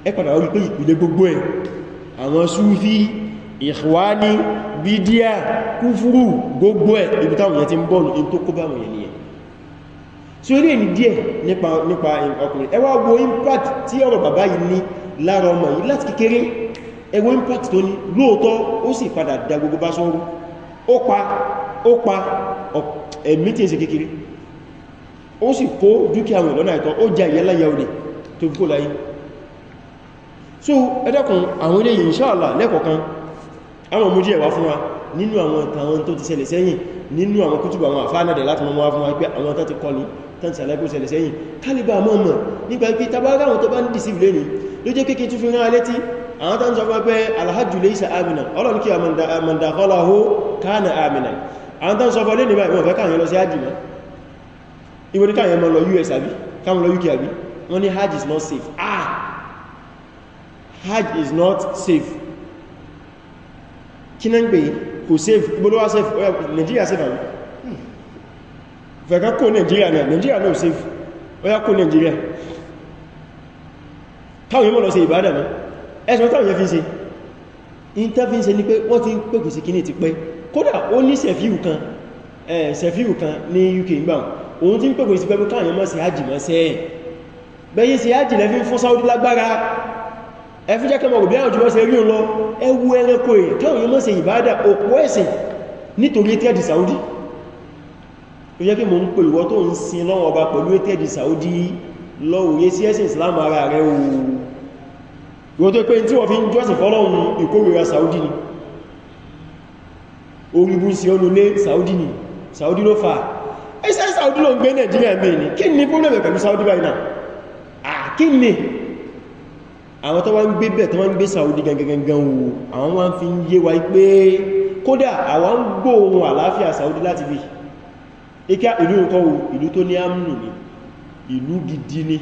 ẹ padà wọ́n pé ìpìlẹ̀ gbogbo ẹ̀ àwọn súfí ìhwáni bídíà kúfúrú gbogbo ẹ̀ ibi táwọn èèyàn ti ń bọ́ọ̀lù in tó kó bá wọn ènìyàn tí ó lè ní díẹ̀ nípa nípa ọkùnrin ẹ wá wo impact tí ọ̀rọ̀ bàbá yìí ní lára ọmọ yìí láti kékeré ẹ wo impact tó ní lóòótọ́ ó sì padà da gbogbo bá sọ́rú ó pa ó pa ẹ̀mí tí èsì kékeré ó sì kó dúkìá wọn lọ́nà àìtọ́ ó jẹ ìyẹ́láyà olè tó fi kó láyé so ẹ àwọn ilé yìí inshallah lẹ́kọ̀ọ́kan àwọn mú díẹ̀ wá fún wa nínú àwọn ìtàwọn tó ti ṣẹlẹ̀ sẹ́yìn nínú àwọn kútùbù àwọn àfáànàdẹ̀ láti mọ́ wá fún wa pé àwọn tó ti kọ́ ní tán ti sàlẹ́kù ṣẹlẹ̀ sẹ́yìn kálíbà mọ́mọ̀ nígbà pé tabára àwọn tó bá ní dìsí ìlé ni ló jẹ́ kéèkéé tún fi rán alétí àwọn tán sọ fún pé alhajjú lè sa amina ọlọ́run kí àmàndàkọ́láhó kánà amina àwọn tán sọ fún lé nígbà ìwọ̀n fẹ́ káàyàn lọ sí hajj mọ́ ìwé ní káàyàn mọ́ lọ us àbí káàmù lọ uk àbí wọ́n ní hajj is not safe ah hajj is not safe kí náà ń pè kò save gbọ́lọ́wà se ọ̀yà Nigeria save àwọn hmm. fẹ̀ká kó Nigeria náà Nigeria náà save ọ̀yà kó Nigeria táwọn yíò mọ́ lọ sí ìbádà náà ẹ̀sùn táwọn yẹ fi ṣe intervene ṣe ni pé wọ́n ti pèkì sí kíní ti pẹ́ kódà ó ní sẹ̀fíù kan sẹ̀fíù kan ní UK gbà òun ti ń pèkì sí pẹ́ ẹfí jẹ́ kẹmọ̀ òbí àwọn jùmọ́ sí rí lọ ẹwu ẹranko èyí tí òun yóò mọ́ sí ìbádà òpó ẹ̀sìn nítorí tẹ́ẹ̀dì Saudi ó yẹ kí mọ̀ ń pè ìwọ tó ń sin lọ́wọ́ ọba pẹ̀lú tẹ́ẹ̀dì Saudi lọ́wọ́ye sí ẹ̀sìn Islam ara rẹ̀ òun tó pé tí wọ́n fi ń jọ́sìn fọ́lọ́run ìkórìíra Saudi ni orígun sí ọnù lé Saudi ni Saudi ló fà ẹsẹ́ Saudi ló ń gbé Nàìjíríà mẹ́rin kí ni problem pẹ̀lú Saudi báyìí ah kí ni àwọn tó wá ń gbé bẹ̀ tó wá ń gbé Saudi gangan wo àwọn wá ń fi ń yé wa pé kódà àwọn ń gbó ohun àlàáfíà Saudi láti bí iká ìlú nǹkan wo ìlú tó ní àmùnù ni ìlú gidi ni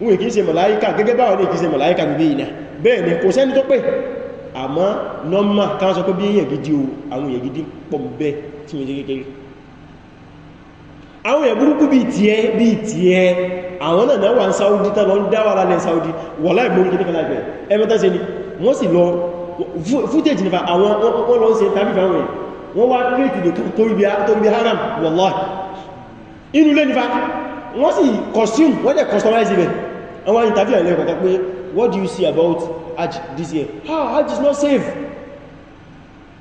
wọn kìí ṣe màláíkà gẹ́gẹ́ báwọn ní kìí ṣe màláíkà gbogbo ìlà bẹ́ẹ̀ ni kò sẹ́ni tó pè àmọ́ nọ́mà káwọn sọ pé bí èèyàn gidi o àwọn èèyàn gidi pọ̀ bẹ́ tí wọ́n jẹ́ kékeré àwọn èèyàn burúkú bíi tiẹ̀ bíi tiẹ̀ àwọn náà náà wà ní Saudi tán lọ ń dáwà Saudi wọ́n láì gbóhùn kìníkà láìpẹ́ ẹmẹ́ta ṣe ni wọ́n sì lọ fútẹ̀jì nípa àwọn wọ́n lọ ń ṣe tàbí fáwọn ẹ̀ wọ́n wá kírètì nìkan tó rí haram wallahi inú lé nípa customize ibẹ̀ àwọn interview ilẹ̀ what do you see about hajj this year ah hajj is not safe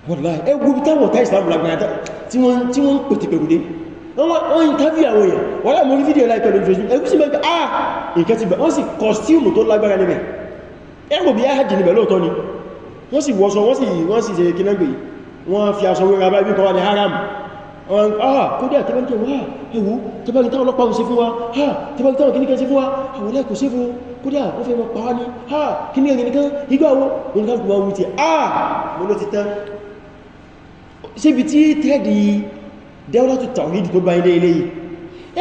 wallahi ẹgbùn táwọn ọ̀tá ìsìlámù lágbàáyà tí wọ́n ń pètèpèrè wọ́n interview àwọn èèyàn wọ́n láàmù orí fídíò láìpẹ́ lórí facebook ẹgbùsí mẹ́gbà ah nǹkan ti bẹ̀ wọ́n sì kọstíùmù tó lágbára níbẹ̀ ẹgbò bí áhàjì níbẹ̀ lóòtọ́ ni wọ́n sì wọ́sọ wọ́n sì wọ́n sì ṣe kínágbé wọ́n fi aṣọ wẹ́ra ah! ah! bá ibi kan wà ní haram kódà tẹ́bẹ̀ tó wà ẹwú tẹ́bẹ̀ tó ọlọ́pàá ń ṣe fún wa ha ah! tẹ́bẹ̀ tó kìníkan ṣe fún wa àwọn ẹlẹ́kùn ṣe fún kódà wọ́n fẹ́ mọ́ pàá ní ha kìníkan kìníkan igbá wo wọn ká gbogbo àwọn wùtí ah mo ló ti tán síbi dẹ́wọ́lọ́tù tawhid tó bá ilé ilé yìí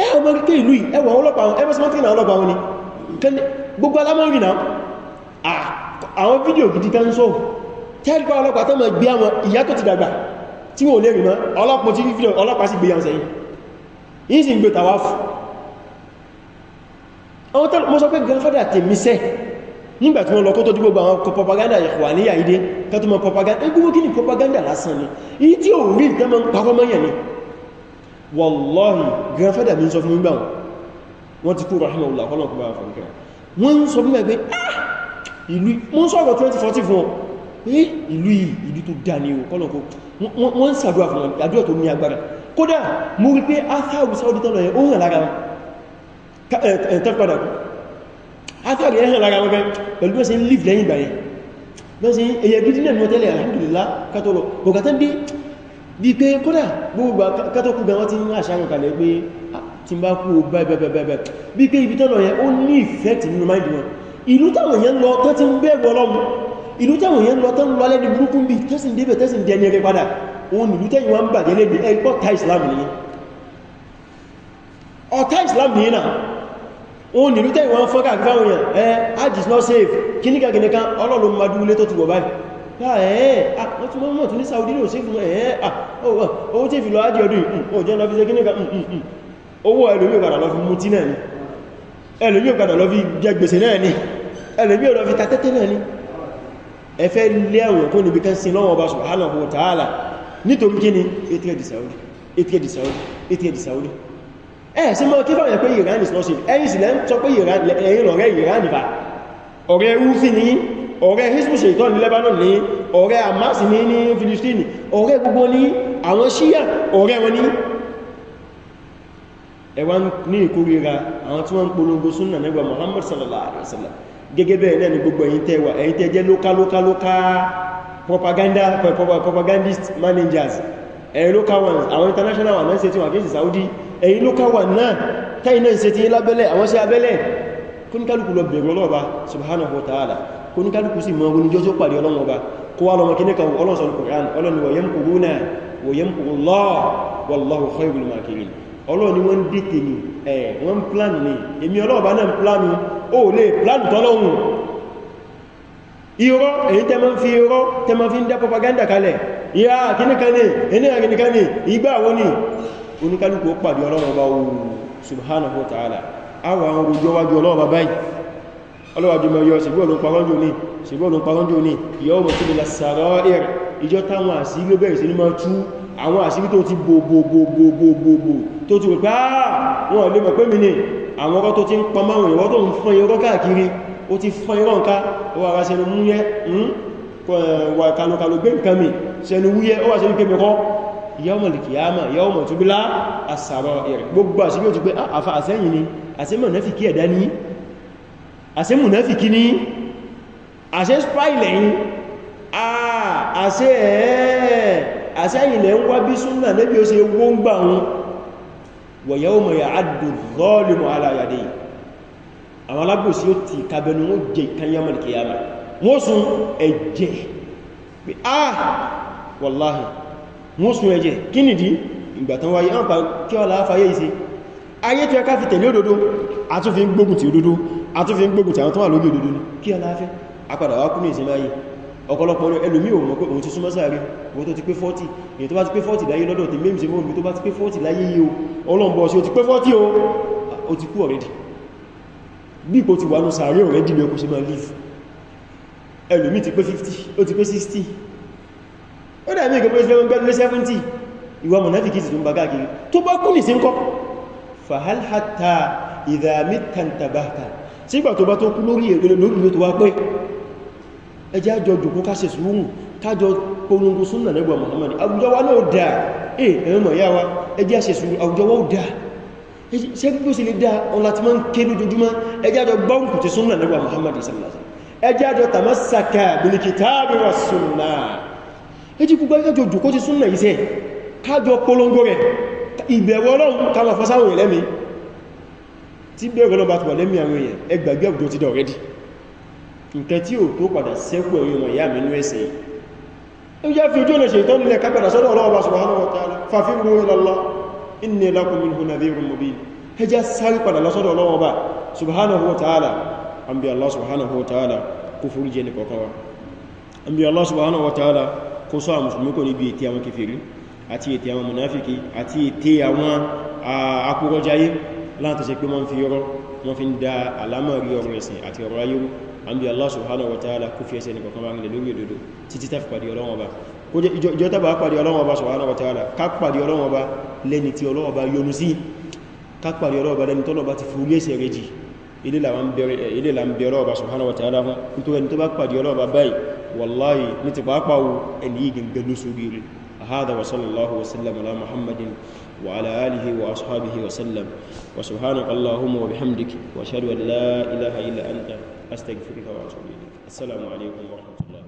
ẹ ọmọ kíkẹ́ ìlú ẹwọ̀n ọlọ́pàá wọn ẹmọ́sí mọ́tí náà ọlọ́pàá wọn ni gbogbo alámọ́rí náà àwọn fídíò gidi tán sọ tẹ́lifà ọlọ́pàá tó mọ̀ gbé àwọn ìyá tó ti dàgbà tí wọ́n lè rí mọ́ ọlọ́pàá tí fídíò ọlọ́pàá sì gbé yàn sẹ́yìn yìí sì ń gbé tàwáfù àwọn tẹ́lù mọ́ sọ pé grandfather tèmi sẹ́ nígbà tí wọ́n lọ kó tó dúgbò àwọn propaganda ìwà ní àìdé tó tó mọ́ propaganda egbówó kí ni propaganda lásán ni èyí tí ò rí ìtẹ́mọ́ pàfọ́mọ́yàn ni wallahi grandfather mi ń sọ fún gbígbà wọn ti kú rahimahullah kọ́lọ̀ kú bá fún kẹ́ wọ́n ń sọ fún mẹ́ pé ah, ìlú mọ́ sọ́rọ̀ 2014 fún ọ ìlú yìí ìlú tó dá ní o kọ́lọ̀ kó wọ́n ń sàdúrà fún àdúrà tó ní agbára kódà mú rí pé áthàrù sáwọ́dí tọ́lọ yẹn ó hàn lára tẹ́kọ̀dà áthàrù yẹn hàn lára wọn pẹ̀lú bẹ́ẹ̀ bí pé kódà gbogbo kátọ́kù gan wọ́n ti ń àṣàrùn kalẹ̀ pé tí bá kú bẹ́ẹ̀bẹ̀ẹ̀bẹ̀ bí pé ibi tọ́lọ̀ yẹn ó ní ìfẹ́tì nínú máìdì wọn ìlú táwọn yẹn lọ tán ti ń bẹ̀rù ọlọ́run ìlú táwọn yẹn lọ tán lọ alẹ́ni burúkú bí tẹ́sìn débẹ̀ tẹ́sìn dẹni ẹgbẹ́ padà òun ìlú tẹ́yìn wọn bàjẹ́ lẹ́gbẹ́ ẹgbọ́ ta Islam nìyẹn ọ̀tá Islam nìyẹn náà òun ìlú tẹ́yìn wọn fọ́kà gbáwọn yẹn ẹ ajis not safe kíníkà kíníkà ọlọ́run madú ilé tó ti wọ̀ báyìí ẹ̀ẹ́ ó ti mọ́ tún ní Saudi ló sí fún ẹ̀ẹ́ owó tí ìfìlọ ájí ọdún òjẹ́ lọ fi ṣe gínìkà owó ẹlòmí òkàdà lọ fi mutí náà ni ẹlòmí òkàdà lọ fi jẹ gbèsè náà ni ẹlòmí òkàdà fi tatẹ́tẹ́ náà ni ẹfẹ́ lẹ́wọ̀n kó níbi kan sin lọ́wọ́ ọba subhanahu wa ta'ala nítorí kí ni etíẹ̀dì Saudi etíẹ̀dì Saudi etíẹ̀dì Saudi ẹ̀ sí mọ́ kí fáwọn ẹ̀pẹ́ Iran is not safe ẹ̀yìn sì lẹ́ ń sọ pé ẹ̀yìn lọ́rẹ́ Iran nípa ọ̀rẹ́ rúfin ní ọ̀rẹ́ hisbush ìtọ́ ní Lebanon ní ọ̀rẹ́ Hamas ní ní Philistine ọ̀rẹ́ gbogbo ní àwọn Shia ọ̀rẹ́ wọn ní ẹwà ní ìkórira àwọn tí wọ́n ń polongo súnnà nígbà Muhammad sallallahu alaihi wasallam gẹ́gẹ́ bẹ́ẹ̀ náà ni gbogbo ẹ̀yin tẹ́ local local local propaganda propagandist managers ẹ̀yin local ones àwọn international ones ṣe tí wọ́n kìí sí Saudi ẹ̀yin local ones náà tẹ́yìn náà ṣe ti lábẹ́lẹ̀ àwọn ṣe abẹ́lẹ̀ kún kálùkù lọ bẹ̀rẹ̀ ọlọ́ọ̀bá subhanahu wa ta'ala oníkálùkù sí mọ́ oníjọ́ tó pàdé ọlọ́run ọba kó wá lọmọ kíníkà ọlọ́run sọ Al-Qur'an ọlọ́run wa yamkuruna wa Allah wallahu khayrul makirin ọlọ́run ni wọ́n ń dìtè ní plan ní èmi ọlọ́ọ̀bá náà ń plan ó lè plan tọ́lọ́run irọ́ èyí tẹ́ máa ń fi propaganda kalẹ̀ ìyá kíníkà ní ẹni àkíníkà ní ìgbà àwọn ní oníkálùkù ó pàdé ọlọ́run ọba ohun subhanahu wa ta'ala àwọn àwọn orojọ́wájú báyìí ọlọ́wàjúmọ̀ yọ ṣìgbọ́n parọ́njò ní ṣìgbọ́n parọ́njò ní yọ́ mọ̀ tí lè sàrọ́ ẹ̀rẹ̀ ìjọ táwọn àṣírí ló bẹ̀rẹ̀ sí ní máa tú àwọn àṣírí tó ti bòbòbòbòbò tó ti rùpá wọn lè mọ̀ pé mi ní àwọn ọkọ̀ tó ti ń pa máwọn ìwọ́ tó ń fọn irọ́ káàkiri ó ti fọn irọ́ nǹka ó hmm, wà sẹnu múyẹ́ wà kanukalu gbé nǹkan mi sẹnu wúyẹ́ ó wà sẹnu pé mẹ́kọ́ yọ́mọ̀ lìkìyàmà yọ́mọ̀ túbílá àsàrọ̀ ẹ̀rẹ̀ gbogbo àṣírí ó ti pé àfà àsẹ́yìn ni àṣírí mọ̀ náà fi kí ẹ̀dá ní àṣẹ mùnáfìkí ní àṣẹ spáìlẹ̀ yìí ah, àṣẹ eh, ẹ̀ẹ́ àṣẹ ilẹ̀ ń wá bí súnnà lẹ́bí ó ṣe wó ń gbà wọn wa yawma ya'addu adh-dhalimu ala yadayhi àwọn alágbòsí ó ti kàbẹnu wọ́n jẹ ìkanyamọ̀ kìyàmà wọ́n sun ẹ̀jẹ̀ ah wallahi wọ́n sun ẹ̀jẹ̀ kí nìdí ìgbàtán wáyé ọ̀pàá kí ọlá fàyé ìse ayé tó ẹka fi tẹ̀lé òdodo àtúnfin gbógun ti òdodo a tún fi ń gbógun tàwọn tó wà lórí òdodo ní kí aláfẹ́ apadà wá kún ní ìsinmi ayé ọ̀pọ̀lọpọ̀ ẹlòmí ò mọ̀ pé òun ti súnmọ́ sáré wọ́n tó ti pé 40 èyí tó bá ti pé 40 láyé lọ́dọ̀ tí mẹ́mìsí mọ́ omi tó bá ti pé 40 láyé yíò ọlọ́mbọ̀ sí o ti pé 40 o o ti kú already bí ipò ti wà ní sáré already ní ọkùnṣe máa live ẹlòmí ti pé 50 o ti pé 60 ó dàbí ìgbẹ́ pé 70 ìwà mọ̀náfíkì ti tún bá káàkiri tó bá kú nìsínkọ́ fahal hatta idha mitta intabahta sígbà tó bá tó kú lórí èrè lórí tó wá pé ẹjẹ́ àjọ jùkú káṣẹ̀ sùúrùn kájọ polongo súnnà lẹ́gbà Muhammad àwùjọ wa náà dáa eh ẹ̀rọ mọ̀ yá wa ẹjẹ́ àṣẹ sùúrùn àwùjọ wa ó dáa ṣe gbogbo sí lè dáa ọ̀la tí wọ́n ń ké lójoojúmọ́ ẹjẹ́ àjọ gbọ́nkù ti súnnà lẹ́gbà Muhammad sallallahu ẹjẹ́ àjọ tàmásàkà bil sunnah ẹjẹ́ gbogbo ẹjọ́ jùkú ti súnnà yìí sẹ́ kájọ polongo rẹ̀ tí bẹ̀rẹ̀ lọ́bá tó wà lẹ́mí àwọn èèyàn ẹgbàgbé ọ̀dọ́ ti dọ̀ rẹ́dì nǹkan tí ò tó padà sẹ́kù ẹ̀yìn ọmọ ìyá mi ní ẹ̀sẹ̀ ó yá fi ojú ọ̀nà ṣe ìtọ́nu ilẹ̀ kápadà sọ́dọ̀ Ọlọ́run subhanahu wa ta'ala fafiru ila Allah inni lakum minhu nadhirun mubin ẹjá sáré padà lọ́sọ́dọ̀ Ọlọ́run subhanahu wa ta'ala àbí Allah subhanahu wa ta'ala kó fúrú jẹ́ ní kọ̀ọ̀kan wa àbí Allah láti ṣe pé wọ́n fi yọrọ wọ́n fi ń da àlámà rí ọ̀rọ̀ ẹ̀sìn àti ọ̀rọ̀ ayéru an bí Allah subhanahu wa ta'ala kó fi ẹsẹ̀ nìkan bá ń lè lórí òdodo títí tá fi pàdé ọlọ́wọ́ bá kó jẹ́ ìjọ tàbà pàdé ọlọ́wọ́ bá subhanahu wa ta'ala ká pàdé ọlọ́wọ́ bá lẹ́ni tí ọlọ́wọ́ bá yọ́nú sí ká pàdé ọlọ́wọ́ bá lẹ́ni tọ́lọ́ bá ti fúrí ẹsẹ̀ rẹ̀ jì ilé là ń bẹ̀rẹ̀ ọba subhanahu wa ta'ala fún nítorí ẹni هذا وصلى الله وسلم على محمد وعلى آله وأصحابه وسلم وسبحانك اللهم وبحمدك وأشهد أن لا إله إلا أنت أستغفرك وأتوب إليك السلام عليكم ورحمة الله